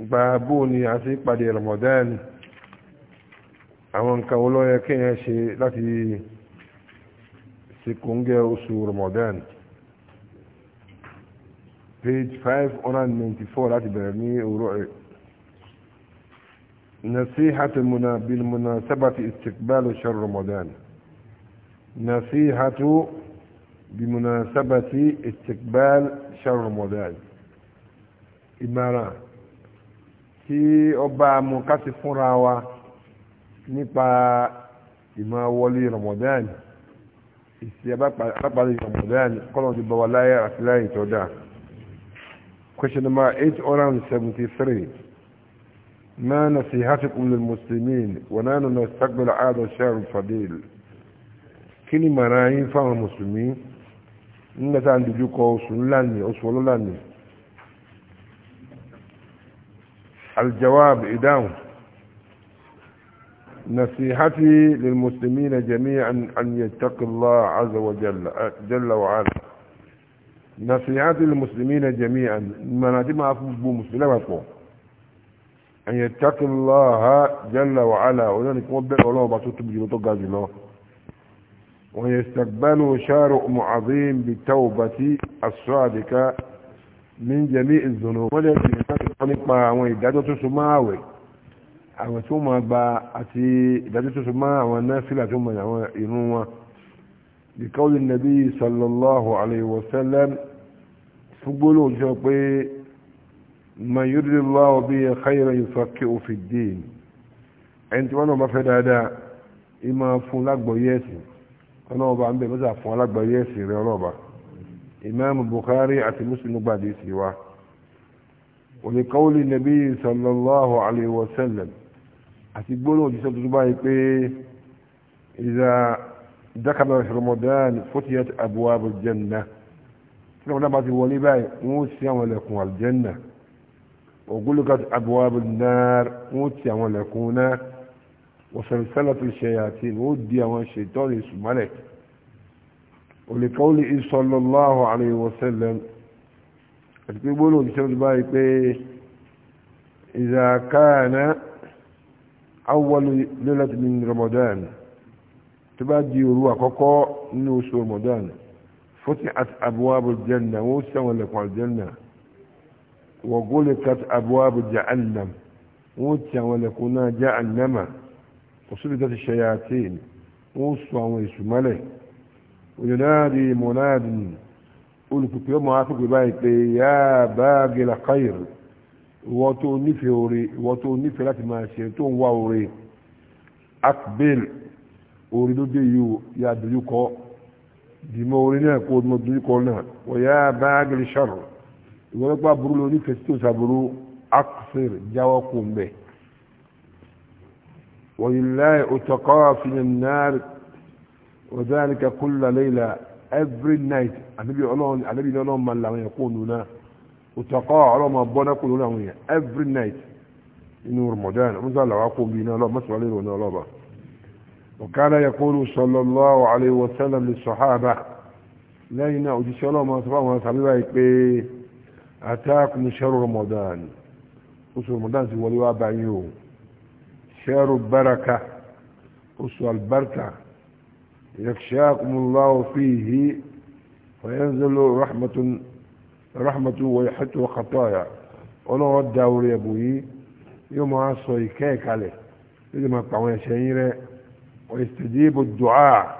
gba bó ni a ṣe pàdé Ramadan àwọn nǹkan olóyẹ kéèyàn ṣe láti ṣe oṣù Ramadan page five hundred ninety four láti bẹ̀rẹ̀ ní òwúrọ̀ ẹ̀ نصيحة المنا بالمناسبة استقبال شهر رمضان نصيحة بمناسبة استقبال شهر رمضان إمارات kí ọba mu kásì fúnra wa nípa ìmọ̀ wọlé Ramadan ìsì abápàdé Ramadan kọ́nà ti bọ̀ wá láyé àti láyé tó dáa. question number eight hundred and seventy three. ما نصيحتكم للمسلمين ونحن نستقبل هذا الشهر الفضيل كلمة رايين فهم المسلمين nígbà tá à ń dojú kọ الجواب إدام نصيحتي للمسلمين جميعا أن يتقوا الله عز وجل جل وعلا نصيحتي للمسلمين جميعا مناتي أفضل مسلمة أن يتقوا الله جل وعلا يكون مبدأ الله بطوط بجلوتو قادنا ويستقبلوا شارع عظيم بالتوبة الصادقة من جميع الذنوب sọ nípa àwọn ìdájọ́ tó so máa wẹ̀ àwọn tí ó máa gba àti ìdájọ́ tó so máa àwọn náfìlà tó mọ̀ àwọn ìrun wọn bìkọ́lì nàbí sallallahu alayhi wa sallam fúgbóló ń sọ pé man yuridillahu bihi khayran yufaqihu fid din ẹni tí wọ́n náà bá fẹ́ dáadáa ìmọ̀ fún lágbọ̀ọ́yé ẹ̀sìn ọlọ́ọ̀bá ń bẹ̀ mọ́sà fún alágbọ̀ọ́yé ẹ̀sìn rẹ̀ ọlọ́ọ̀bá Imam Bukhari àti Muslim gbàdé sí wa. ولقول النبي صلى الله عليه وسلم أتقبلوا جسد دبي إذا دخل رمضان فتحت أبواب الجنة لو نبات ولباي موسى ولكم الجنة وغلقت أبواب النار موسى ولكم وسلسلة الشياطين ودي والشيطان اسم ملك ولقوله صلى الله عليه وسلم àti pé gbólóhùn ti sọ́dún báyìí pé ìzàkáàná awwalu lélẹ́tì ní Ramadan tó bá di òru àkọ́kọ́ nínú oṣù Ramadan futihat abwabu janna wọ́n sẹ́wọ̀n lẹ́kọ̀ọ́ janna wa gulikat abwabu jahannam wọ́n sẹ́wọ̀n lẹ́kọ̀ọ́ náà jahannama وسلطت الشياطين وصوا ويسمله وينادي مناد olùpùpù ọmọ afẹ́pẹ́ báyìí pé yá báàgì làkàyè ìwọ tó nífẹ̀ẹ́ oore ìwọ tó nífẹ̀ẹ́ láti máa ṣe tó ń wá oore akbel oore ló dé yìí o yá dojúkọ dìmọ̀ oore náà kó o mọ dojúkọ náà wọ yá báàgì làṣàrò ìwọ ló pa burú lọ nífẹ̀ẹ́ tó sàbúrú aksir jáwọ́ kó ń bẹ̀ wọ́n yìí láì òtọ́kọ́ fi náà wọ́n dáríkà every night ànábì ọlọ́run ànábì ọlọ́run máa làwọn yẹn kó nu náà òtọ́kọ́ ọlọ́run máa bọ́ náà kó lórí every night inú Ramadan musa làwọn kó bí iná ọlọ́run mọ́sùlá lérò náà ọlọ́ba وكان يقول صلى الله عليه وسلم للصحابة لين أجيش الله ما سبحانه وتعالى أتاكم شهر رمضان أسر رمضان سوى لي وابع يوم شهر البركة أسر البركة يخشاكم الله فيه فينزل رحمة رحمة ويحط خطايا ولا رد داور يا ابوي يوم عصو كيك عليه يوم ما يطعون شعيره ويستجيب الدعاء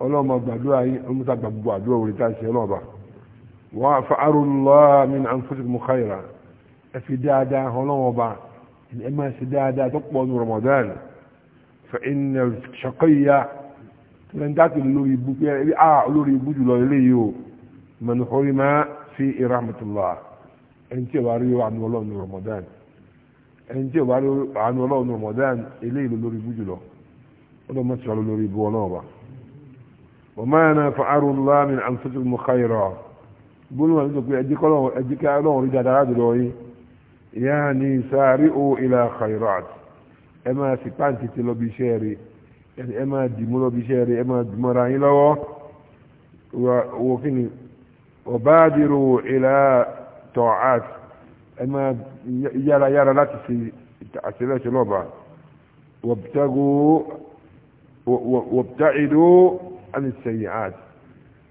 ولا ما بدعاء المتابع بدعاء ولتاسع لوبا وفعلوا الله من انفسكم خيرا في دادا هلوبا اما سدادا تقبل رمضان فان الشقيه lẹ́ńdàtì lórí ibú pé a lórí ibú jùlọ eléyìí o mẹnuhóri máa fi irahmatullah ẹni tí ìwà rí àánú ọlọ́run ní Ramadan ẹni tí ìwà rí àánú ọlọ́run ní Ramadan eléyìí ló lórí ibú jùlọ ọlọ́run mọ̀ sí ọ lórí ibú ọlọ́run wa. wọ́n máa na fa'aru ńlá mi àǹfààní mu káyọ̀rọ̀ gbólóhùn àti sọ̀kú ẹ̀jẹ̀ kọ́ ẹ̀jẹ̀ kí ọlọ́run rí dáadáa jùlọ yìí ìyá ni sáré o ìlà káyọ̀rọ̀ ẹ̀ máa sì pàǹtí ti lọ bí iṣẹ́ ẹ máa dìmú lọ bí iṣẹ́ rẹ̀ ẹ máa dìmú ara yín lọ́wọ́ wo kí ni ọ̀báàdìrò ìlà tọ̀át ẹ máa yára yára láti fi àṣírẹ́ṣẹ́ lọ́ba wọ̀btàìdó àníṣẹ́yìn àt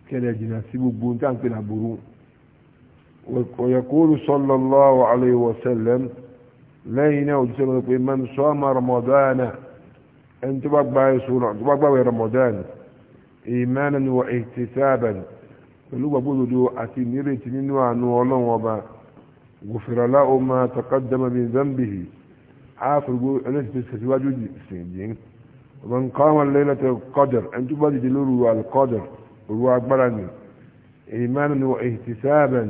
kẹlẹ̀ jìnnà sí gbogbo ní tàǹpẹ̀ làbúrú ويقول صلى الله عليه وسلم لينا وجسمه من صام رمضان ẹni tó bá gba èso náà tó bá gbàwé Ramadan imanan wa ihtisaban pẹ̀lú gbàgbódodo àti nírètí nínú àánú ọlọ́run ọba gufira lahu ma taqaddama min dhanbihi àfẹ́gbó ẹlẹ́sìn tó ṣèṣíwájú sìnjìn man qama laylatal qadr ẹni tó bá dìde lóru al-qadr òru agbára ni imanan wa ihtisaban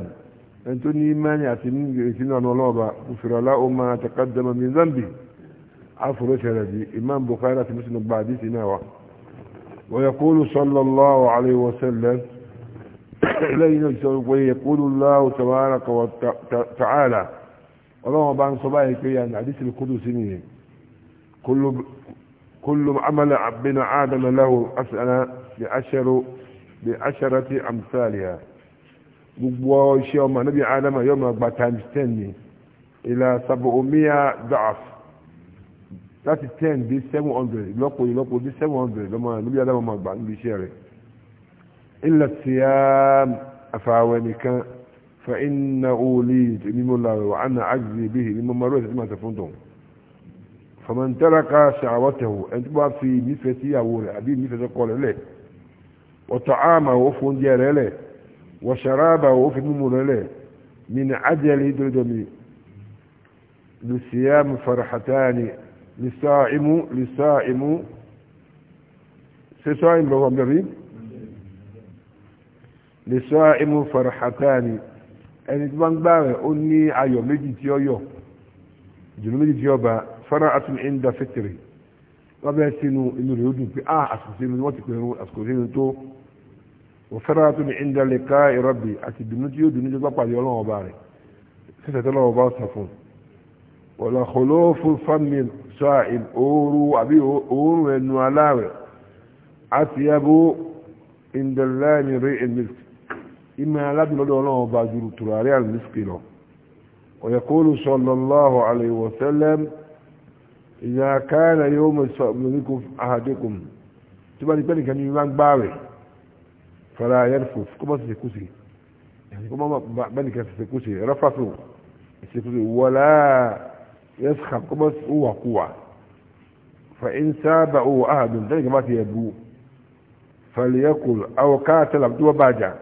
ẹni tó ní ìmánì àti nírètí nínú àánú ọlọ́run ọba gufira lahu ma taqaddama min dhanbihi عفو رسالة إمام بخاري في مسلم بعديث ناوى ويقول صلى الله عليه وسلم إلينا ويقول الله تبارك وتعالى اللهم بان صباحي في يعني حديث القدس كل كل عمل عبنا آدم له أسأل بعشر بعشرة أمثالها gbogbo iṣẹ́ ọmọ níbi adama yóò máa gba times ten láti ten dé seven hundred ìlọ́po ìlọ́po dé seven hundred lọ́mọ níbi adámọ́ máa gbà níbi iṣẹ́ rẹ̀ ilẹ̀ tí a àfàwẹ̀ nìkan fa iná òòlì mímú làwẹ̀ wà ánà àgbè bíi mímú marú ẹ̀sìn tí màá tẹ̀fún tọ̀ fàmọ̀ntẹ́ràká ṣàwọ́tẹ̀wò ẹni tó bá fi nífẹ̀ẹ́ sí ìyàwó rẹ̀ àbí nífẹ̀ẹ́ sọ́kọ rẹ̀ lẹ̀ ọ̀tọ̀ àmà ó fóúnjẹ rẹ̀ lẹ̀ wọ̀ṣàràbà ó fi mímú rẹ̀ lẹ̀ mí ni ájẹ́lẹ̀ ìdúródọ́mi lùsíyàmù للصائم للصائم صائم بغمري للصائم فرحتان ẹni tí wọ́n gbá rẹ̀ ó ní ayọ̀ méjì tí ó yọ̀ jùlọ méjì tí ó bá fara atún inda fitri wọ́n bẹ́ẹ̀ sínú inú rẹ̀ ó dùn pé a àsìkò sínú wọ́n ti pè ní àsìkò sínú tó wọ́n fara atún inda liqa'i rabbi àti dùnú tí ó dùnú tó pápá yọ ọlọ́wọ́ bá rẹ̀ sẹ́sẹ̀ lọ́wọ́ bá sọ wọ́n lọ́kọ̀ọ́ ṣáàìb ooru àbí oorun ẹnu aláwẹ̀ àti ẹbú indẹ̀lẹ́ni rí ẹ̀mísì ìmọ̀ aládùnlọ́dọ̀ ọlọ́run bá jùlọ tùràrí àlùmísì lọ ويقول صلى الله عليه وسلم إذا كان يوم الصوم منكم أحدكم تبقى لبنك أن يمان باوي فلا يرفض كما سيكوسي يعني كما بنك سيكوسي رفضوا سيكوسي ولا يسخر قبس هو قوة فإن سابعوا أحد ذلك ما يبو فليقل أو قاتل عبدو باجع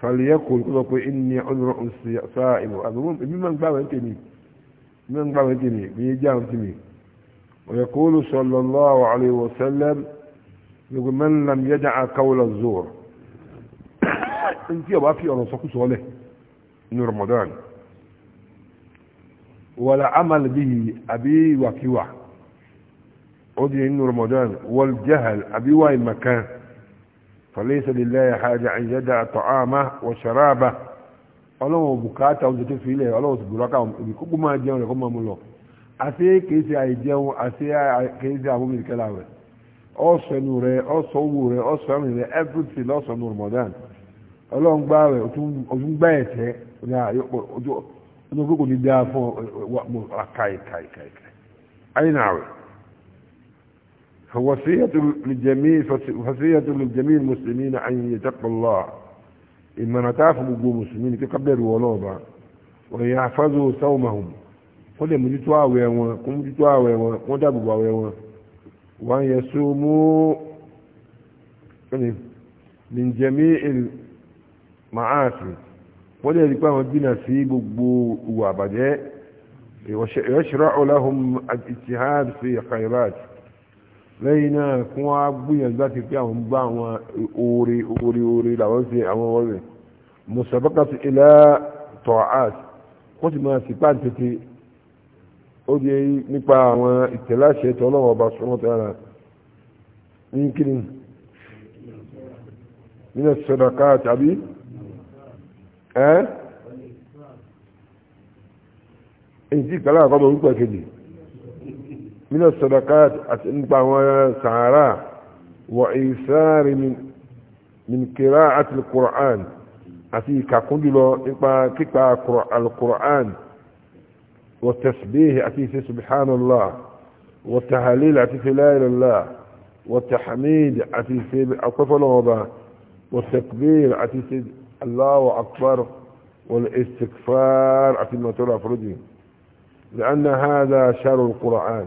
فليقل قلقوا إني عذر سائم أظنون بمن باب أنتني بمن باب أنتني بيجام أنتني ويقول صلى الله عليه وسلم يقول من لم يدع قول الزور انت يا بقى في أنا صلى الله عليه وسلم رمضان wala, ولا عمل به أبي وكوع أدري إنه رمضان والجهل أبي وين مكان فليس لله حاجة أن يدع طعامه وشرابه ọlọ́run bùkátà oúnjẹ tó fi ilẹ̀ ọlọ́run sì bùrọ́kà òbí kókó máa jẹun rẹ̀ kó máa mú lọ àti kèése àìjẹun àti kèése àmúmìnìkẹ́lá rẹ̀ ọ̀sọ̀nù rẹ̀ ọ̀sọ̀wò rẹ̀ ọ̀sọ̀nù rẹ̀ everything lọ́sọ̀nù ẹnu kókò ní dáa fún ọ káìkáìkáì ayínáwẹ̀ فوصية للجميع فوصية للجميع المسلمين أن يتقوا الله إما نتعفوا بقوا مسلمين كقبل ولوبا ويحفظوا صومهم kọ́lẹ̀ mójútó àwẹ̀ wọn kó mójútó àwẹ̀ wọn kó dábòbò àwẹ̀ wọn wọ́n yẹ só mú nìjẹ̀mí màáàfin wọ́n lè rí pé àwọn jìnnà sí gbogbo ìwà àbàjẹ́ yashra'u lahum al-ijtihad fi khayrat lẹ́yìn náà kí wọ́n á gbìyànjú láti pé àwọn gbá àwọn oore oore oore làwọn ṣe àwọn wọ́ọ̀rẹ̀ musabaqatu ila ta'at wọ́n sì máa sì pàǹtẹ̀tẹ̀ ó di nípa àwọn ìtẹ̀láṣẹ tó ọlọ́wọ́ sọ́mọ́ tó yára ní kíni nínú sọ̀dọ̀ká tàbí ẹ́ èyí tí ìkàlà àkọ́mọ̀ orúkọ kejì nínú sọ̀dọ̀ká àti nípa àwọn sàárà wọ ìsáàrí mìnkìrá àti kùrán àti ìkàkún jùlọ nípa kíkà alkùrán wọ tẹ̀sìbíhì àti ìṣẹ́ subhanallah wọ tàhálìl àti filáìlọ́lá wọ tàhámìd àti ìṣẹ́ akwẹ́fọ́lọ́wọ́ba wọ tẹ̀kbír àti ìṣẹ́ الله أكبر والاستكفار أتما ترى فرجهم لأن هذا شر القرآن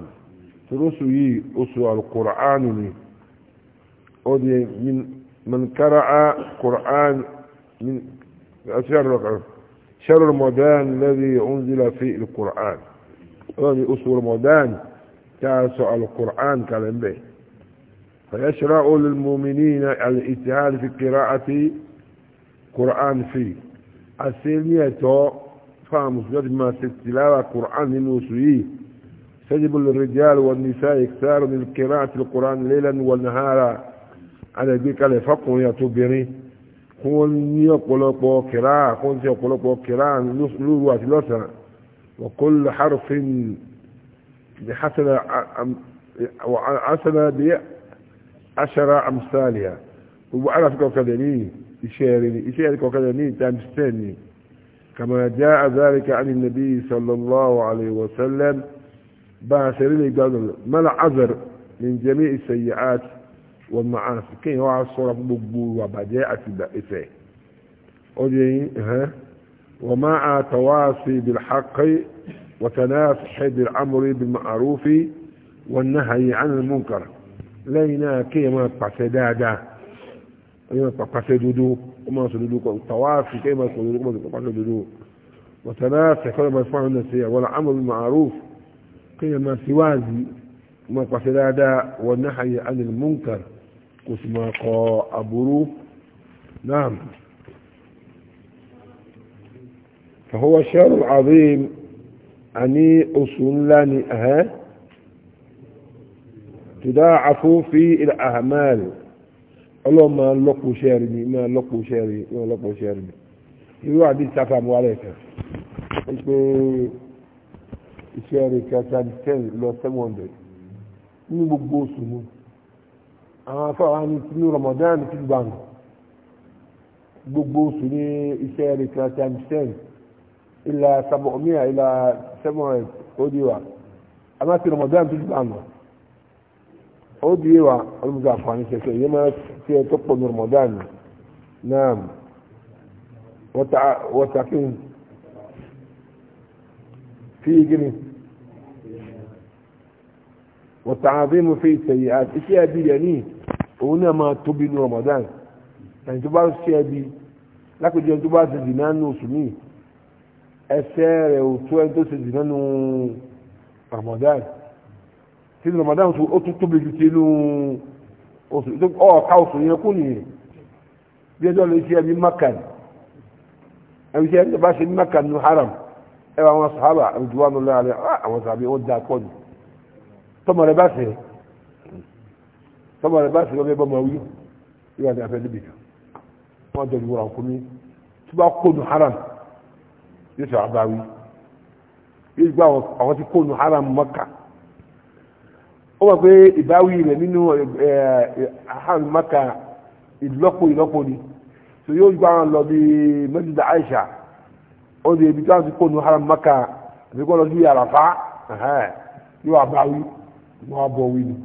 ترسوي أسوى القرآن أودي من من قرأ قرآن من شر شر رمضان الذي أنزل في القرآن أودي أسوى رمضان تاسع القرآن كلام به فيشرع للمؤمنين الاجتهاد في قراءة قرآن في أسيلية فامس قد ما تتلاوى قرآن نوسوي سجب الرجال والنساء اكثار من قراءة القرآن ليلا ونهارا على ذلك لفقه يتبري كون يقلق وقراء كون يقلق وقراء نوسوي واتلوسا وكل حرف بحسن وعسن بأشر أمثالها وعرفك كذلك إشارني إشارك وكذا تنستني كما جاء ذلك عن النبي صلى الله عليه وسلم باسرني قال ما العذر من جميع السيئات والمعاصي كين هو عصر مقبول وبجاءة بائثة أجي ها وما تواصي بالحق وتنافح بالامر بالمعروف والنهي عن المنكر لينا كيما بسدادة ẹ̀yìn pàpàṣẹ dodo ó máa sọ dodo tàwáàfì kẹ́yìn máa sọ dodo ó máa sọ pàpàṣẹ dodo wọ̀tẹ̀lá sẹ̀kọ́lẹ̀ máa fún àwọn ẹ̀sẹ̀ àwọn amọ̀lù màrúf kẹ́yìn máa síwáàzì máa pàṣẹ dáadáa wọn náà hayẹ anil munkar kò sì máa kọ àbúrú náà فهو شهر عظيم أني أصولاني أها تداعف فيه الأعمال ọlọ́run máa lọ́pọ̀ iṣẹ́ rẹ̀ mi máa lọ́pọ̀ iṣẹ́ rẹ̀ máa lọ́pọ̀ iṣẹ́ rẹ̀ mi irú àbí sáfà mu wálé kan pé iṣẹ́ rẹ̀ kẹta ten lọ seven hundred ní gbogbo oṣù mu àwọn afáwọn ní tinú Ramadan ti gbà nù gbogbo oṣù ní iṣẹ́ rẹ̀ kẹta ten ilà sàbọ̀míà ilà seven hundred ó di wa àmọ́ ti Ramadan ti gbà ó di wa olùdókòwò àfààní kẹkẹ yẹn máa fi ẹ tó pọ̀ ní Ramadan náà wọ́tàkìn fi gini wọ́tàkìn fi sẹ̀yìn àti iṣẹ́ ẹbí yẹn ní òun náà máa tóbi ní Ramadan ẹni tó bá ṣe ẹbí lápèjẹ ẹni tó bá ṣe dìnnà ní oṣù míì ẹsẹ̀ rẹ̀ ò tó ẹni tó ṣe dìnnà ní Ramadan sínú Ramadan tó ó tún tóbi ju sínú oṣù tó ọ̀ọ́ká oṣù yẹn kú nìyẹn bí ẹjọ́ lè ṣe ẹbí makan ẹbí ṣe ẹbí bá ṣe makan ní haram ẹ wà wọn sàhábà ẹbùdúwà ní ọlọ́yà rẹ àwọn sàhábà wọn dáa pọ̀ jù tọmọ rẹ bá ṣe tọmọ rẹ bá ṣe wọn bẹ bọ́ mọ wí yóò ní afẹ́ níbi kan wọn jọ ìwúra ọkùnrin mi tí wọn kó nu haram yóò sọ àbáwí yóò gbọ́ àwọn ti kó nu haram Makkah ó wà pé ìbáwí rẹ̀ nínú àhàn maka ìlọ́pọ̀ ìlọ́pọ̀ ni so yóò gbà wọn lọ bí mẹ́jìdá Aisha ó di ibi tí wọ́n ti kó nu haram maka àbí kó lọ sí àràfá yóò àbáwí wọ́n á bọ̀ wí ni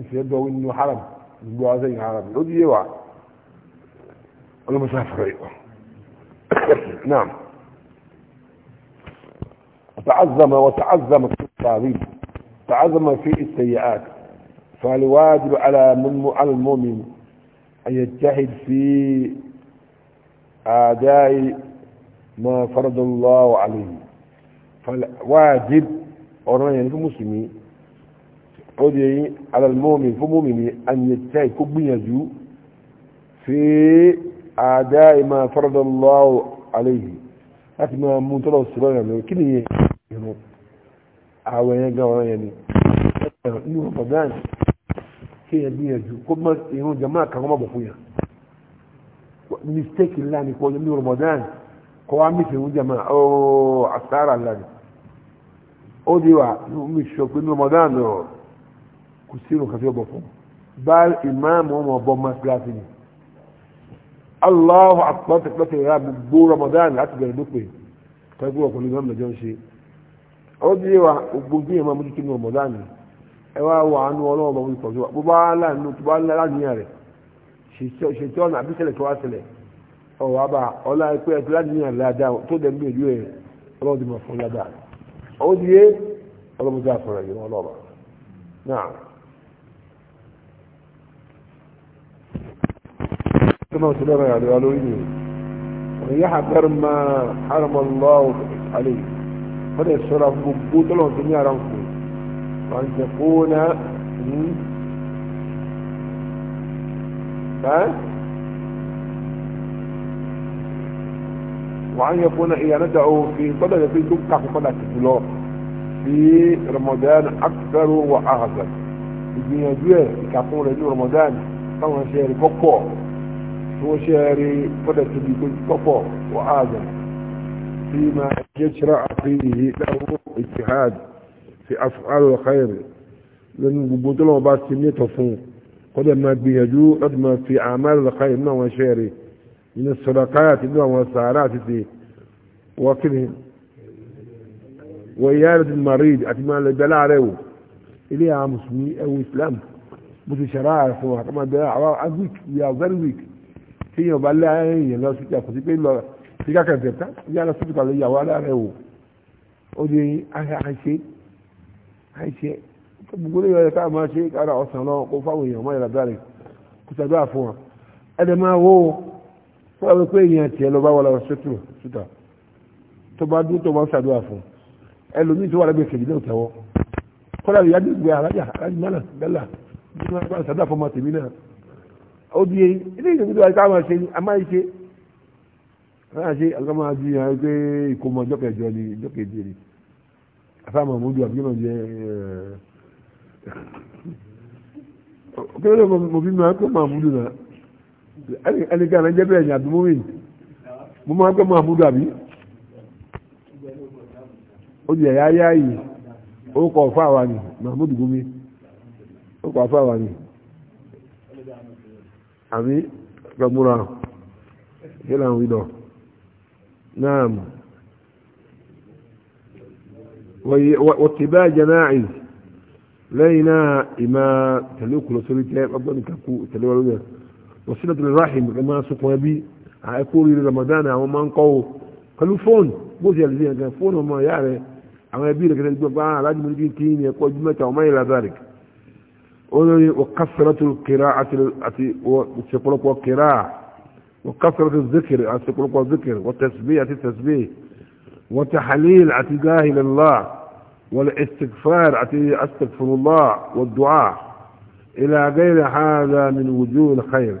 ìfẹ́ bọ̀ nínú haram gbogbo àwọn sẹ́yìn haram ó di yé wa ọlọ́mọsá fẹ́rẹ̀ yìí نعم تعظم وتعظم التعظيم تعظم في السيئات فالواجب على من على المؤمن أن يجتهد في أداء ما فرض الله عليه فالواجب أولا يعني المسلمين أدعي على المؤمن فمؤمن أن يجتهد كبن في أداء ما فرض الله عليه أتما منتظر السبب كنيه àwẹ̀ yẹn gan ọ̀rọ̀ yẹn ni inú Ramadan kí yẹn gbìyànjú kó mọ irun jama kan kó má bọ̀ fún yẹn mistake ńlá ni kó inú Ramadan kó wá mí fi irun jama ooo àsárà ńlá ni ó di wa mi sọ pé inú Ramadan kò sí irun kan bọ̀ fún bá ìmáàmù ọmọ ọbọ máa fi ni Allahu akbar tẹ̀pẹ́tẹ̀ gbogbo Ramadan láti bẹ̀rẹ̀ lópin tẹ́gbẹ́ ọ̀pọ̀lọpọ̀ ìmáàmù lọ́jọ́ ń ó di wa gbogbo tí yẹn máa mójútó ní ọmọ láàánú ẹ wá wà á nu ọlọ́wọ́ bá mójútó ọjọ́ bó bá láàánú tó bá láàánúyàn rẹ̀ ṣètò ọ̀nà àbísẹ̀lẹ̀ tó wá ṣẹlẹ̀ ọ̀wọ́ àbá ọlá ẹ̀pẹ́ ẹ̀tọ́ ọrụ wọ́n lè sọ́ra gbogbo tọ́lọ̀ tó ní ara ń kù wọ́n ń jẹ kóná ní wọ́n á yẹ kóná ìyànà dà ó fi tọ́lọ̀ yẹ fi tó kàkó padà tìtù lọ fi Ramadan akitaro wa ahaza ìgbìyànjú ẹ̀ ìkàkùn rẹ̀ ní Ramadan táwọn ṣe rí kọ́kọ́ tí ṣe rí padà tóbi kọ́kọ́ wa ahaza. فيما يشرع فيه له اجتهاد في أفعال الخير لأن بطلوا بعض سنية قد ما بيجو قد ما في أعمال الخير ما وشيري من الصدقات ما والسعرات وكلهم وإيادة المريض أتما لبلا عليه إليها مسلمي أو إسلام بس شرائع فوق ما بلا عوار أزويك يا ذرويك في يوم بلا عين لا سكة فسيبين kíkà kẹ̀kẹ́ tán yára síbìtà lè yàwó aláàrẹ̀ wò ó di àìṣe àìṣe gbogbo lè yọrẹ káà máa ṣe kára ọ̀sán lọ kó fáwọn èèyàn máa yàrá dáre kó sàdúrà fún wa ẹ̀dẹ̀ máa wó fún ẹ̀rọ pé èèyàn tiẹ̀ lọ bá wà lọ sọ́tù sùtà tó bá dúró tó bá sàdúrà fún ẹlòmíì tó wà lẹ́gbẹ̀ẹ́ kejì náà tẹ̀wọ́ kọ́lá ìyá gbígbé alájà alájùmọ́nà bẹ́là bí wọ́n bá sàdúrà fún ọmọ tèmi náà ó di ilé ìgbìmọ̀ àti káwọn ṣe àmáyé ṣe náà ṣe àgbàmọ́ àti ìyàn pé ìkómọ ọjọ́ kẹjọ ni ọjọ́ keje ni àfàmọ́ mọ́jú àbí náà jẹ́ ọkọ̀ ló mọ̀ bí máa kọ́ máa múdù náà ẹnìkan náà jẹ́ bẹ́ẹ̀ ní àdúgbò mi mo máa kọ́ máa múdù àbí ó di ẹ̀yà ayá yìí ó kọ̀ ọ̀fọ́ àwa ni mahmud gumi ó kọ̀ ọ̀fọ́ àwa ni àmì gbàgbúra kí làwọn ìdọ̀. نعم واتباع جماعي لينا إما تلوك لسوري تلاب أبدا كفو تلوك لسوري وصلة الرحم لما سقوا بي أقول إلى رمضان وما أنقوا قالوا فون بوزي الذين كان فون وما يعرف أما يبي لك أن يقول آه لازم نجي كين يقول جمعة وما إلى ذلك وكثرة القراءة وقراءة وكثرة الذكر أتقلق الذكر والتسبيح التسبيح وتحليل اعتداه لله والاستغفار أستغفر الله والدعاء إلى غير هذا من وجود الخير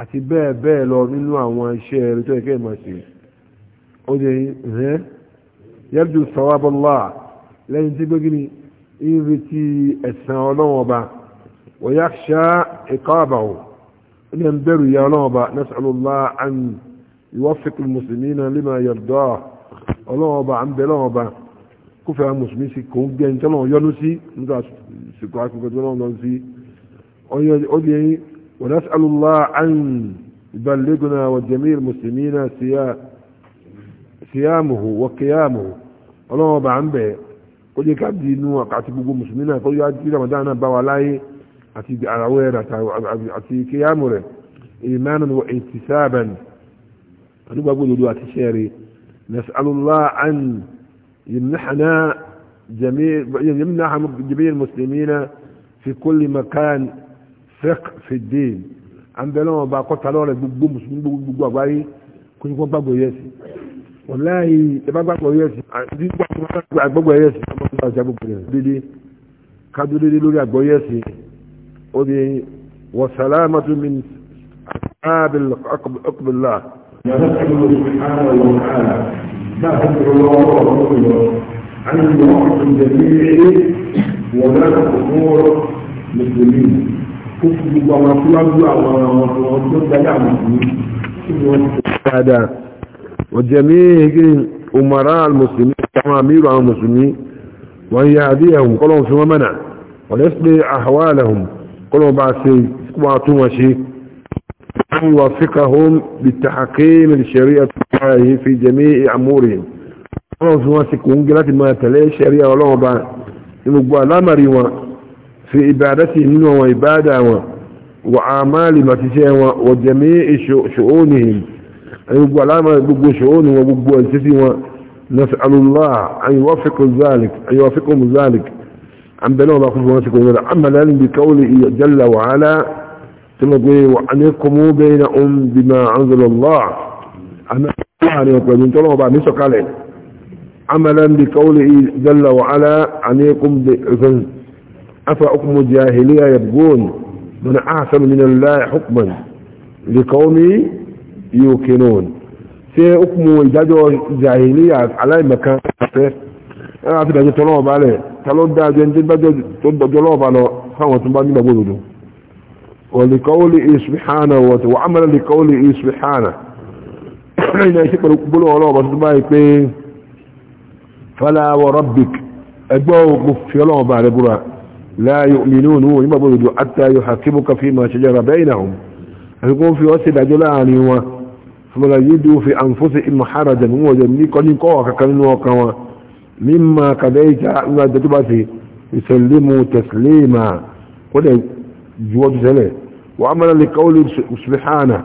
أتباع بالو من نوع وشير ما شيء أودي يرجو ثواب الله لا ينتبهني إن رتي السنة ويخشى عقابه ننبر يا نوبة نسأل الله أن يوفق المسلمين لما يرضاه ọlọ́wọ́ba à ń bẹ lọ́wọ́ba kó fẹ́ mùsùlùmí sí kò ń gbé ẹni tọ́lọ́wọ́ yọ́nú sí nígbà sìkò akẹ́kọ̀ọ́ tó lọ́wọ́ lọ́wọ́ sí ọdún yẹn wọ́n náà sàlùmá àn ìbàlẹ́gùnà wọ́n jẹ̀mí mùsùlùmí náà síyàmùhù wọ́n kíyàmùhù ọlọ́wọ́ba à ń bẹ kó jẹ́ ká di inú àti gbogbo mùsùlùmí náà kó yá àti àwẹ̀ rẹ̀ àti kíyàmù rẹ̀ ìmánu wa ìtìsáàbàn onígbàgbọ́ òdodo àti ṣẹ́ẹ̀rẹ̀ nasalula an yimnahana yimnaha jami'in muslimina fi kulli makan fiqh fi din an bẹ̀rẹ̀ wọn bá kọ́ta lọ́rẹ̀ gbogbo musulmi gbogbo àgbáyé kó ní kó gbàgbọ́ yẹ́sì wọláyé ìbá gbàgbọ́ yẹ́sì àti gbàgbọ́ yẹ́sì àgbàgbọ́ yẹ́sì dédé kájú dédé lórí àgbọ́ yẹ́sì وسلامة من أصحاب الأقب الله سبحانه وتعالى الله ورسوله رب هذا وجميع أمراء المسلمين كما أمير المسلمين وأن يهديهم قلهم ثم منع ويصلي أحوالهم kọ́lọ̀ bá ṣe wà tún wọ́n ṣe wọ́n wà fíkà hún bí tàkí mẹ́rin ṣẹ̀ríà tó bára yìí fi jẹ́mí àmúrè kọ́lọ̀ fún wọn sì kò ń gẹ́ láti máa tẹ̀lé ṣẹ̀ríà ọlọ́wọ́ bá gbogbo alámàrí wọn fi ìbàdá sí nínú àwọn ìbàdá wọn wà àmàlì màti ṣe wọn wà jẹ́mí ṣòónìhìn gbogbo alámàrí gbogbo ṣòónì wọn gbogbo ẹ̀ṣẹ́ sí wọn nasalullah an yuwafiqu zalik an yuwafiqu zalik عن بلوه ما خذ ونسك ونرى عما بقوله جل وعلا تلقي وعنكم بينهم بما أنزل الله أنا عليه من تلوه بعد نسك عليه عملا بقوله جل وعلا عليكم بإذن أفأكم جاهلية يبقون من أحسن من الله حكما لقوم يوكنون سيأكم إجادة جاهلية على مكان أعطي بأجة تلوه عليه tàló dáa jẹ́ ní bá tó dọ̀jọ́ lọ́ọ̀bà lọ fáwọn tó bá nígbà gbòdòdó wọ̀lìkọ́wọ́lì ìsùbìhánà wọ̀tí wọ́n àmàlà lìkọ́wọ́lì ìsùbìhánà lẹ́yìn náà ṣe pẹ̀lú gbóló ọlọ́ọ̀bà tó bá yìí pé fala wa rabbik ẹgbọ́ mo fi ọlọ́ọ̀bà rẹ búra la yu'minun wọn nígbà gbòdòdó hatta yuhakimuka fima shajara bainahum àti kó fi ọ́ sí ìdájọ́ láàrin wọn fúnmọ́lá yìí dúró fi anfusihim harajan wọn jẹ́ ní kọ́ ní kọ́ ọ̀kankan nínú ọkàn wọn مما قضيت ما تتباسي يسلموا تسليما قل جواب سلام وعملا لقول سبحانه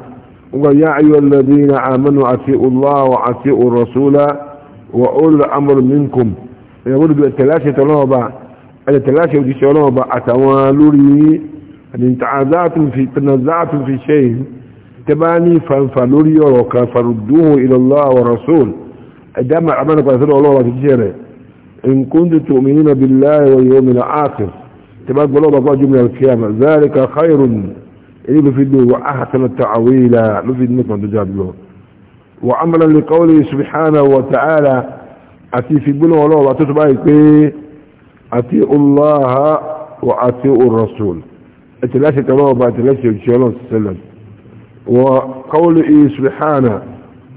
وقال يا أيها الذين آمنوا أتيئوا الله وأتيئوا الرسول وأولي الأمر منكم يقول بالتلاشة تنوبة التلاشة وديش تنوبة أتوالوري أن تعذاتم في تنزعتم في شيء تباني فانفلوري وكفردوه إلى الله ورسول دام عملك ورسول الله وتجيره إن كنت تؤمنين بالله واليوم الآخر تبقى الله بقى جملة الكيامة ذلك خير إلي بفده وأحسن التعويلة بفد نكمة تجاب له وعملا لقوله سبحانه وتعالى أتي في بلو الله وأتتبع أتي الله وأتي الرسول أتلاشي كما بأتلاشي إن شاء الله وسلم وقوله سبحانه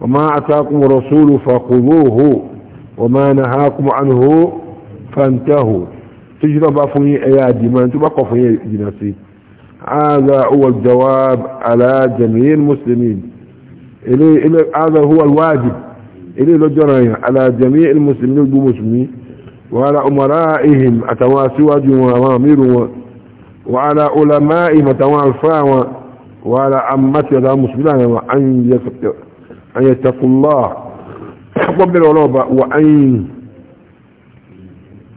وما أتاكم الرسول فخذوه وما نهاكم عنه فانتهوا تجربة في ايادي ما انتم بقوا في جناسي هذا هو الجواب على جميع المسلمين إليه إليه هذا هو الواجب إليه لجرية على جميع المسلمين والمسلمين وعلى أمرائهم أتواسواج وأمامر وعلى علمائهم أتوالفا وعلى عمتهم المسلمين أن يتقوا الله حقوق وأين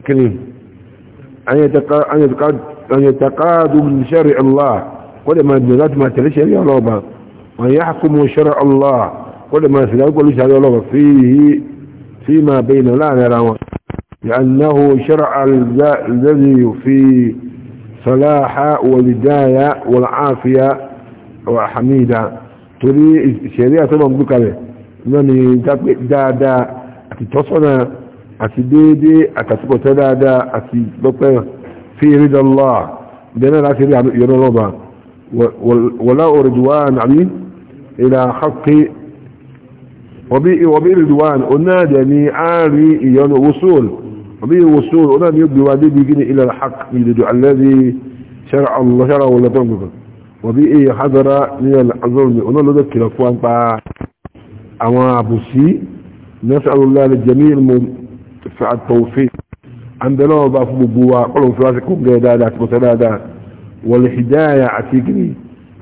كنين أن يتقاد شرع الله قل ما الدلات ما شرع الله قل ما فيه فيما بين لا نرى لأنه شرع الذي في صلاحة ولداية والعافية وحميدة تريد شريعة طبعا مدوك عليه náà ni dáadáa àti tọ́sọ́nà àti déédéé àtàtúbọ̀tẹ́ dáadáa àti lọ́pẹ́ fi rídà Allah bẹ́ẹ̀ láti rí ìyọ́nà lọ́ba wọlá òrìdùwán àbí ìlà haqqi wọ̀bí ìrìdùwán onáàdẹ̀ ni a rí ìyọ́nà wùsùl wọ̀bí wùsùl onáàdẹ̀ yóò gbéwà débi gíní ìlà haqq ìdìdò alẹ́dì ṣẹ́ra Allah ṣẹ́ra wọlọ́tọ̀ وبئي حضر من الظلم ونلو ذكر فوان أمام أبو سي نسأل الله للجميع التوفيق عندنا وضعف بقوة قلهم فلاسكم قيدادا تبتلادا والحداية عتيقني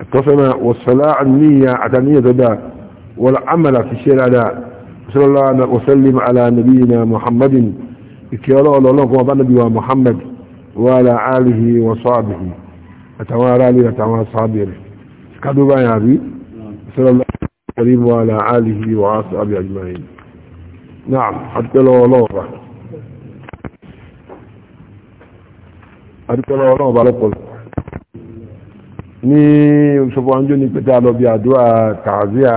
التصنى والصلاة النية عتنية دا والعمل في الشيء دا صلى الله وسلم على نبينا محمد إكي الله الله الله وضع نبي محمد وعلى آله وصحبه أتوارى لي أتوارى صابره كدوا يا أبي صلى الله الكريم وعلى آله وعصابه أجمعين نعم حتى لو الله حتى لو الله بلقل ní ṣọ̀fọ̀ àjọ ní pẹ̀tẹ́ àlọ́bí àdúrà tààzíà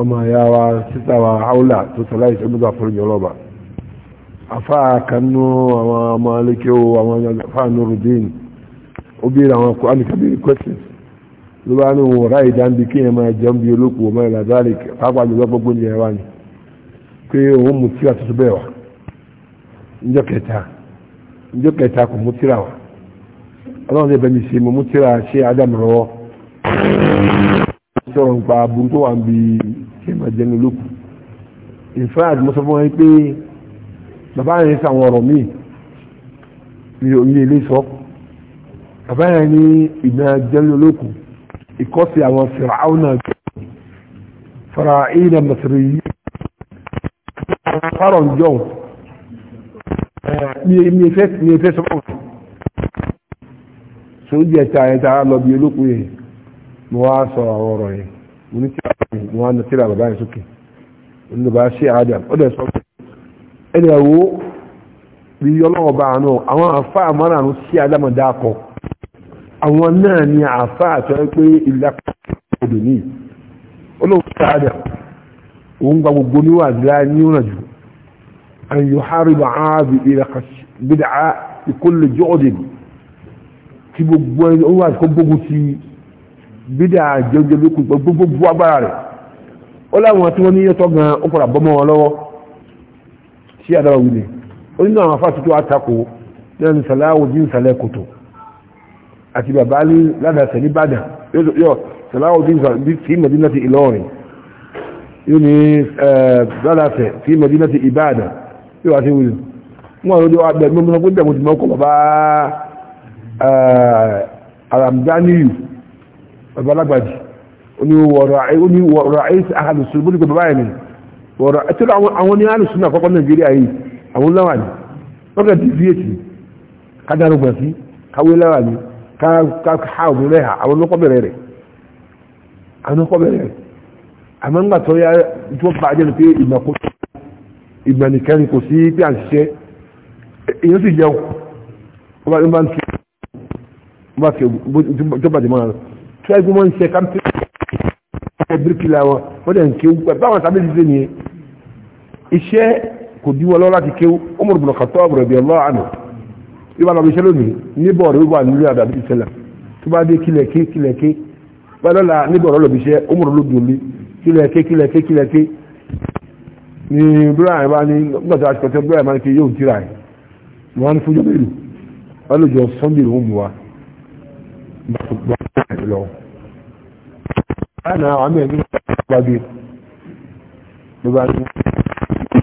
ọmọ àyà wa síta wa haúlà tó sọ láìsí ọdún bá fọ́lùmí ọlọ́ba afá kanú àwọn ọmọ alékẹ́ o àwọn afá nurudin ó bí àwọn kọ́ àmì kàbí questions ló bá ní òun ọ̀rá ìdáǹbí kí ẹ máa jẹun bí olóko ọmọ ìlà dáàlì pápá jùlọ gbogbo ní ẹwà ni pé òun mú tíra tuntun bẹ́ẹ̀ wá níjọ́ kẹta níjọ́ kẹta kò mú tíra wá ọlọ́run lè bẹ̀mí sí mo mú tíra ṣe ádámù rọwọ́ sọ̀rọ̀ nípa aburú tó wà ń bi kí ẹ máa jẹun olóko in mo sọ fún wọn pé bàbá yẹn sàwọn ọ̀rọ̀ mi ò ilé sọ bàbá yẹn ní ìgbà jẹun olóko ìkọ́sí àwọn fìràúnà fìràúnà masiri yìí fárọ̀ jọ ní ẹfẹ́ sọ́kọ̀ so ó jẹ́ ta ẹta lọ bí olókùn yẹn mo wá sọ àwọn ọ̀rọ̀ yẹn mo ní tí a bá a mo wá nà sílẹ̀ ya yẹn sókè olùbá ṣe àdà ó dẹ̀ sọ ẹni ẹ̀wọ́ bí ọlọ́wọ́ àwọn náà ni àfá àtọ́ pé ìlàkọ̀ọ́dù ní olóòkúta adam òun gba gbogbo níwà dá ní ọ̀nà jù an yóò hárí bá áàbì ìlàkọ̀ọ́dù ìkólè jọ́ọ̀dìn tí gbogbo ẹni ó wà kó gbogbo ti bídà jẹjẹ lókùn gbogbo agbára rẹ̀ ó láwọn tí wọ́n ní yẹ́tọ́ gan ó padà bọ́mọ́ wọn lọ́wọ́ sí àdáwà wílé àti bàbá ní ládàṣẹ̀ ní Ìbàdàn yóò sàláwọ̀dín sí mẹ́dínà ti Ìlọrin yóò ní ládàṣẹ̀ sí mẹ́dínà ti Ìbàdàn yóò wá sí wùlù wọ́n lójú àgbẹ̀ mọ́mọ́ pé bẹ̀rẹ̀ ti mọ́kọ̀ bàbá aramdaniyu bàbá lágbàdì oníwọ̀rọ̀ àìsí àhàlùsùn bó ní bàbá ẹ̀mí wọ̀rọ̀ ẹ̀tọ́ àwọn ní àhàlùsùn àkọ́kọ́ Nàìjíríà yìí àwọn láwà ní wọ́n kẹ́ ká òun rẹ̀ hà àwọn olókọ́ bẹ̀rẹ̀ rẹ̀ àwọn olókọ́ bẹ̀rẹ̀ rẹ̀ àmọ́ ńgbà tó yá tó bá jẹ́ ni pé ìgbà nìkan ni kò sí pé à ń ṣiṣẹ́ èyí sì jẹun ó bá ń tún ó bá fi ìjọba jẹ mọ́ra tó ẹgbẹ́ wọn ń ṣe iṣẹ́ kò díwọ́ lọ́wọ́ láti kéwú ó mọ̀rọ̀ kàtọ́ àbùrọ̀ bí ọlọ́ àná tí wọ́n lọ bí iṣẹ́ lónìí níbọ̀ rẹ̀ wà nílé àdàbí ìṣẹ̀lẹ̀ tó bá dé kílẹ̀ké kílẹ̀ké bọ́lọ́la níbọ̀ rẹ̀ lọ bí iṣẹ́ ó mọ̀rọ̀ lóbi òní kílẹ̀ké kílẹ̀ké kílẹ̀ké ni brian bá ní gbọ́dọ̀ àti kọ́tẹ́ brian máa ń ké yóò tíra ẹ̀ mo wá ní fújọ́ mélòó wọ́n lè jọ sunday ló mu wa lọ. báyọ̀ àmì ẹ̀mí gbàgbé ló bá ní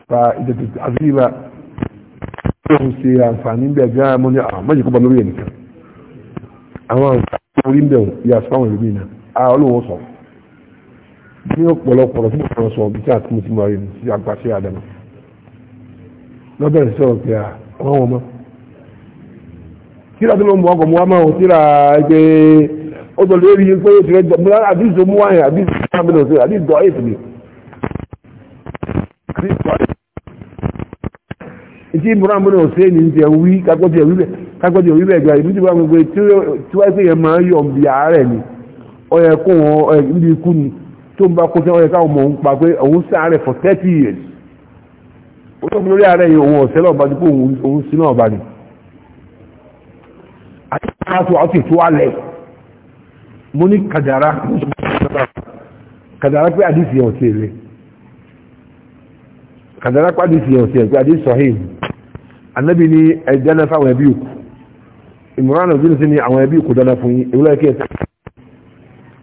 pa ìdẹ̀tẹ̀ àbí ọ̀hún ṣe àǹfààní bẹ́ẹ̀ bí ara mọ́ ní àwọn mọ́jì kọ́bọ̀ lórí ẹ̀nìkan àwọn àǹfààní orí ń bẹ̀rù ìyá sáwọn ìlú mìíràn ara olóhùn sọ ní ọ̀pọ̀lọpọ̀ ọ̀rọ̀ tí mo kàn sọ bí sáà tí mo ti mọ ààrẹ ní sí agbáṣẹ́ àdámà lọ́bẹ̀rẹ̀ sọ̀rọ̀ pé àwọn ọmọ ọmọ kíra tó ló ń bọ̀ ọkọ̀ mu wá máa wò kíra pé ó sọ lórí pé ó ti rẹ̀ àdìsó ìtí ìmúra múnà òsè ní ti ẹ̀wí kápọ́tì ẹ̀wí bẹ̀gbà ìlú ti bá tí wáyé pé yẹn máa ń yọ̀ bí ààrẹ ni kó wọn níbi ikú ni tó ń bá kó káwọn mọ̀ ń pa pé òun for thirty years ó tó lórí ààrẹ yìí òun ọ̀sẹ́ pé òun sí náà bá ni. mo ní annabi ni ẹ dáná fáwọn ẹbí òkú ìmọ̀ràn òbí sí ni àwọn ẹbí òkú dáná fún yín ìwúlẹ̀ kí ẹ tà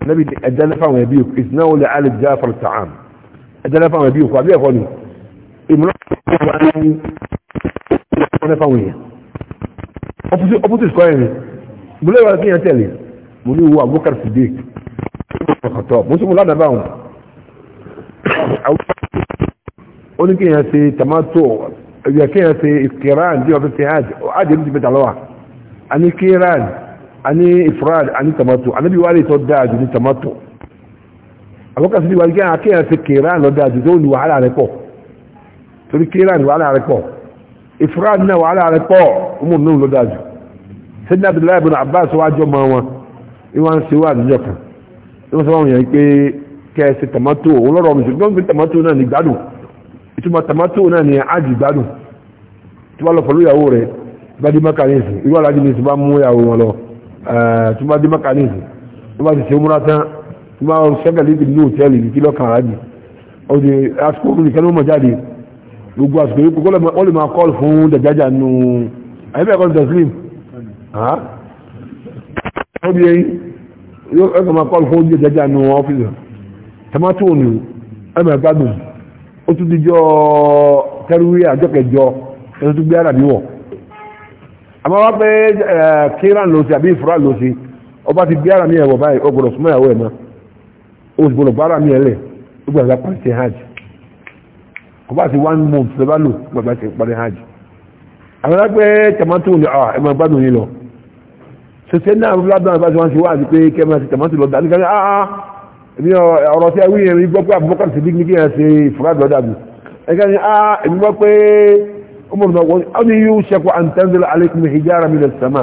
annabi ni ẹ dáná fáwọn ẹbí òkú ìsináwó lè alẹ́ já fọlọ tààm ẹ dáná fáwọn ẹbí òkú àbí ẹ̀kọ́ ni ìmọ̀ràn òbí wà ní ọ̀nà fáwọn èèyàn opposite square ni mo lè wà kí yẹn tẹ̀lé mo ní wo Abubakar Siddiq ọ̀kọ̀tọ̀ mo sì mo ládàá báwọn tamato ẹ̀yà kí ẹ̀ ṣe ìkìrán tí wọ́n fi ṣe hajj ajé ní ti bẹ̀tà lọ́wà a ní kíran a ní ifrad a ní tamato a níbi wàhálà ìtọ́ dáadù ní tamato àbúkà sí ìwádìí kíran kí ẹ̀ ṣe kíran lọ dáadù tó ní wàhálà rẹ̀ pọ̀ torí kíran ní wàhálà rẹ̀ pọ̀ ifrad náà wàhálà rẹ̀ pọ̀ ọmọ náà lọ dáadù sẹ́dí bin abbas wájọ́ mọ́ wọn ìwọ̀n ṣe wà níjọ́ kan ìwọ̀n sọ wọn yẹn pé kẹ́ ẹ̀ ṣe tamato òun lọ́rọ̀ ìtumọ̀ tàmátò náà ni ájì gbádùn tí wọ́n lọ pẹ̀lú ìyàwó rẹ̀ tí bá dé mẹ́kàníìsì irú alájí ni tí bá mú ìyàwó wọn lọ tí bá dé mẹ́kàníìsì tí bá ti ṣe múra tán tí bá sẹ́gàlì ti ní òtẹ́ẹ̀lì ní kílọ̀ kan ájì ó di àsìkò òkú nìkan ló mọ̀ jáde gbogbo àsìkò yìí kókó wọ́n lè máa kọ́ọ̀lù fún dàjájà nù ayébẹ̀kọ́ tẹ̀sílìm ó di ẹyin yóò ẹ̀kọ́ máa kọ́ọ̀lù fún dàjájà nù ọ́fíìsì tàmátò ni ẹ̀mẹ̀ gbádùn ó tún ti jọ tẹ́rúwí àjọ kẹjọ ẹni tó gbé àràbí wọ̀ àmọ́ wá pé kíran ló sí àbí ìfura ló sí ọba ti gbé àràmí ẹ̀wọ̀ báyìí ó gbọ́dọ̀ súnmọ́ ìyàwó ẹ̀ mọ́ ó sì gbọ́dọ̀ bá àràmí ẹ̀ lẹ̀ ó gbọ́dọ̀ bá pàṣẹ hajj kò bá ti one month ló bá lò gbọ́dọ̀ bá ti parí hajj àwọn alágbé tamato ní ọ̀ ẹ̀mọ̀ ìgbádùn yìí lọ ṣe ṣe náà ládùn àbájọ́ wọn ṣe wá àti pé kẹ́mọ̀ àti tamato lọ dání kárí àá e ọ̀rọ̀ tí awí yẹn gbọ́ pé abubakar ti dín ní kí yẹn ṣe ìfúrádì lọ́dà mi ẹgbẹ́ ni ah èmi gbọ́ pé ó mọ̀ nígbà wọ́n ni yóò ṣẹ́kọ̀ àǹtẹ́ńdẹ́lẹ̀ alaikum hijara min ẹgbẹ́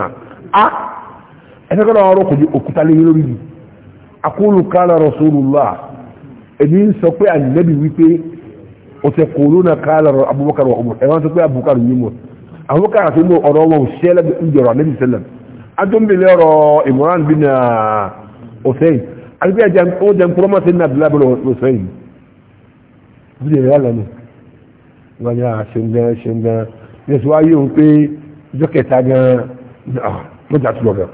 kọ́ kò òkúta lé lórí mi èmi ń sọ pé o tẹ na abubakar sọ pé abubakar yìí mọ̀ abubakar ọ̀rọ̀ wọn ṣẹlẹ̀ ń àti bí ó jẹun kúrọ́mọ́ sí ní abdullahi bọ́lá ọ̀sẹ̀ yìí bí lè rà lọ́nà wọ́n ní àṣẹ ń gan ṣe ń gan ní ẹ̀sùn wáyé òun pé ìjọ kẹta gan ah, ló jà tó lọ́gàn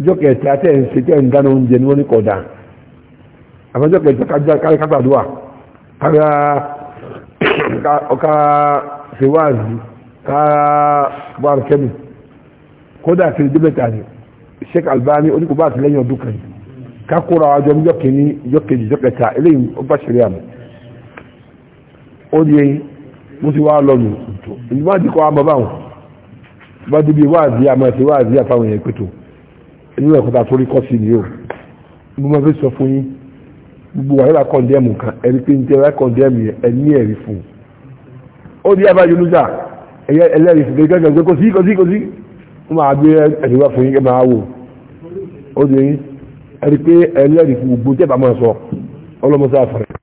ìjọ kẹta tẹ̀ ń ṣe tẹ̀ ń dáná oúnjẹ ni wọ́n ní kọ̀dà àwọn ìjọ kẹta kárí kágbàdúrà kárí ọ̀ká ṣèwáàzì kárí bọ́ọ̀rù kẹ́mi kódà kiri ni Sheikh Albani oníkùbá àtìlẹ́yìn ọdún kan yìí kakura àjọ ọjọ́ kìíní ìjọ kejì ìjọ kẹta eléyìí ó bá ṣeré àmì ó di eyín mo ti wá lọ́nu ìwádìí kọ́ àmọ́ báwọn bá débi ìwádìí àmọ́ ẹ̀sìn ìwádìí àtàwọn èèyàn pẹ̀tọ́ inú ẹ̀kọ́ ta torí kọ́ sí nìyó mo máa fi sọ fún yín gbogbo wàhálà kọ̀ndẹ́mù kan ẹ̀rí pé ní tẹ́lá kọ̀ndẹ́mù yẹn ẹ̀ ní ẹ̀rí fún un di abájú lójà ẹ̀yẹ ẹlẹ́rìí fún mi gẹ́gẹ́ kò sí kò sí kò sí mo máa gbé ẹ̀sìn wá fún yín kẹ́ máa wò ó di eyín ẹ̀rí pé ẹlẹ́rìí fún gbogbo tẹ́bà máa sọ ọlọ́mọsá àfẹ́rẹ́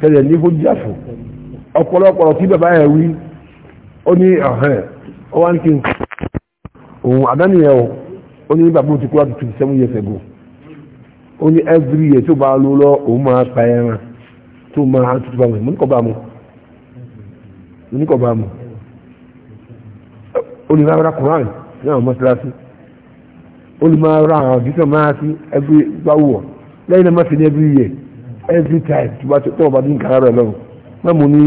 tẹ́lẹ̀ ní hojá fún ọ̀pọ̀lọpọ̀ tí bàbá yẹn wí ó ní ọ̀hẹ́n ó wá ní kí n òun àdánìyẹn o ó ní bàbá òtí kúrò àtútù seven years ago ó ní every year tó bá lọ lọ òun máa pa ẹran tó máa tutù bá mu mo ní kọ́ bá mu mo ní kọ́ bá mu ó ní rárá kùnrin náà mọ́ṣáláṣí olùmọ̀ọ́rọ̀ àwọn òjísọ̀ máa sí ẹbí gbáwọ̀ lẹ́yìn náà má fi ní ẹbí yẹ every time tó bá tó tọ́ ọba ní nǹkan rẹ̀ lọ́wọ́ má mú ní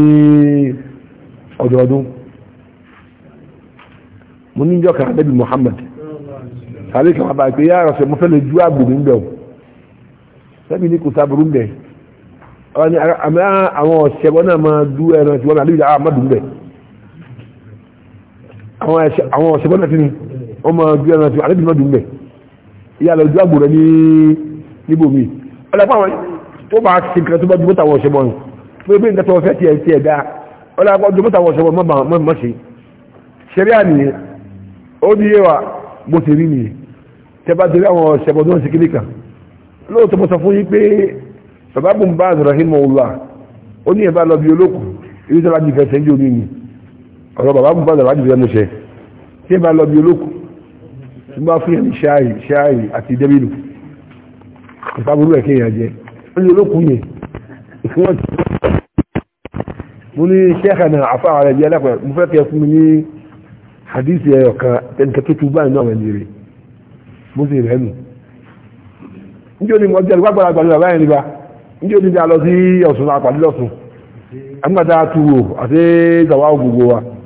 ọdọọdún mo ní ìjọ kan àdébì Muhammad tàbí kan àbá pé yára ṣe mo fẹ́ lè ju àgbò mi bẹ̀ o sẹ́bi ní kò sábúrú bẹ̀ àmì àwọn ọ̀ṣẹ́gbọ́ náà máa dú ẹran tí wọ́n náà lébìdá ah, àmàdù bẹ̀ àwọn ọ̀ṣẹ́gbọ́ náà ti ní wọ́n máa dú ẹran tí wọ́n náà lébìdá bẹ̀ ìyá lọ ju àgbò rẹ ní níbòmí ọlọ́pàá àwọn tó bá ti kàn tó bá dúró tàwọn ọ̀ṣẹ́ bọ́ọ̀n pé bí nǹkan tó fẹ́ tiẹ̀ tiẹ̀ dá ọlọ́pàá dúró tàwọn ọ̀ṣẹ́ bọ́ọ̀n mọ́ ṣe ṣeré àníyàn ó ní yé wa bó ti rí nìyẹn tẹ bá torí àwọn ọ̀ṣẹ́ bọ́ọ̀n sí kílíkà lóòótọ́ mo sọ fún yín pé bàbá bùn bá àdùrahim ọ̀la ó ní ẹ̀bá lọ bí olókùn ìlú tó lájú fẹsẹ̀ ń jò ní ọ̀rọ̀ bàbá bùn bá àdùrahim ọ̀la gbá fún yẹn ṣáàyì ṣáàyì àti dẹ́bìlù ìpàbùrú ẹ̀kẹ́ yẹn jẹ́ ó ní olókùn yẹn ìfúnwọ́n ti mo ní ṣẹ́ẹ̀kà náà àfa ààrẹ jẹ́ alápẹ̀ mo fẹ́ kẹ́ fún mi ní hadith ẹ̀yọ̀ kan tẹnikẹ́ tó tu báyìí náà wẹ̀nyí rẹ̀ mo sì rẹ̀ nù níjó ni mo jẹ́ àlùkò àgbàlagbà ní bàbá yẹn nípa ni a lọ sí Ọ̀ṣun àpàdé lọ́sùn àgbàdá tuwo àti ìgbàwá gbogbo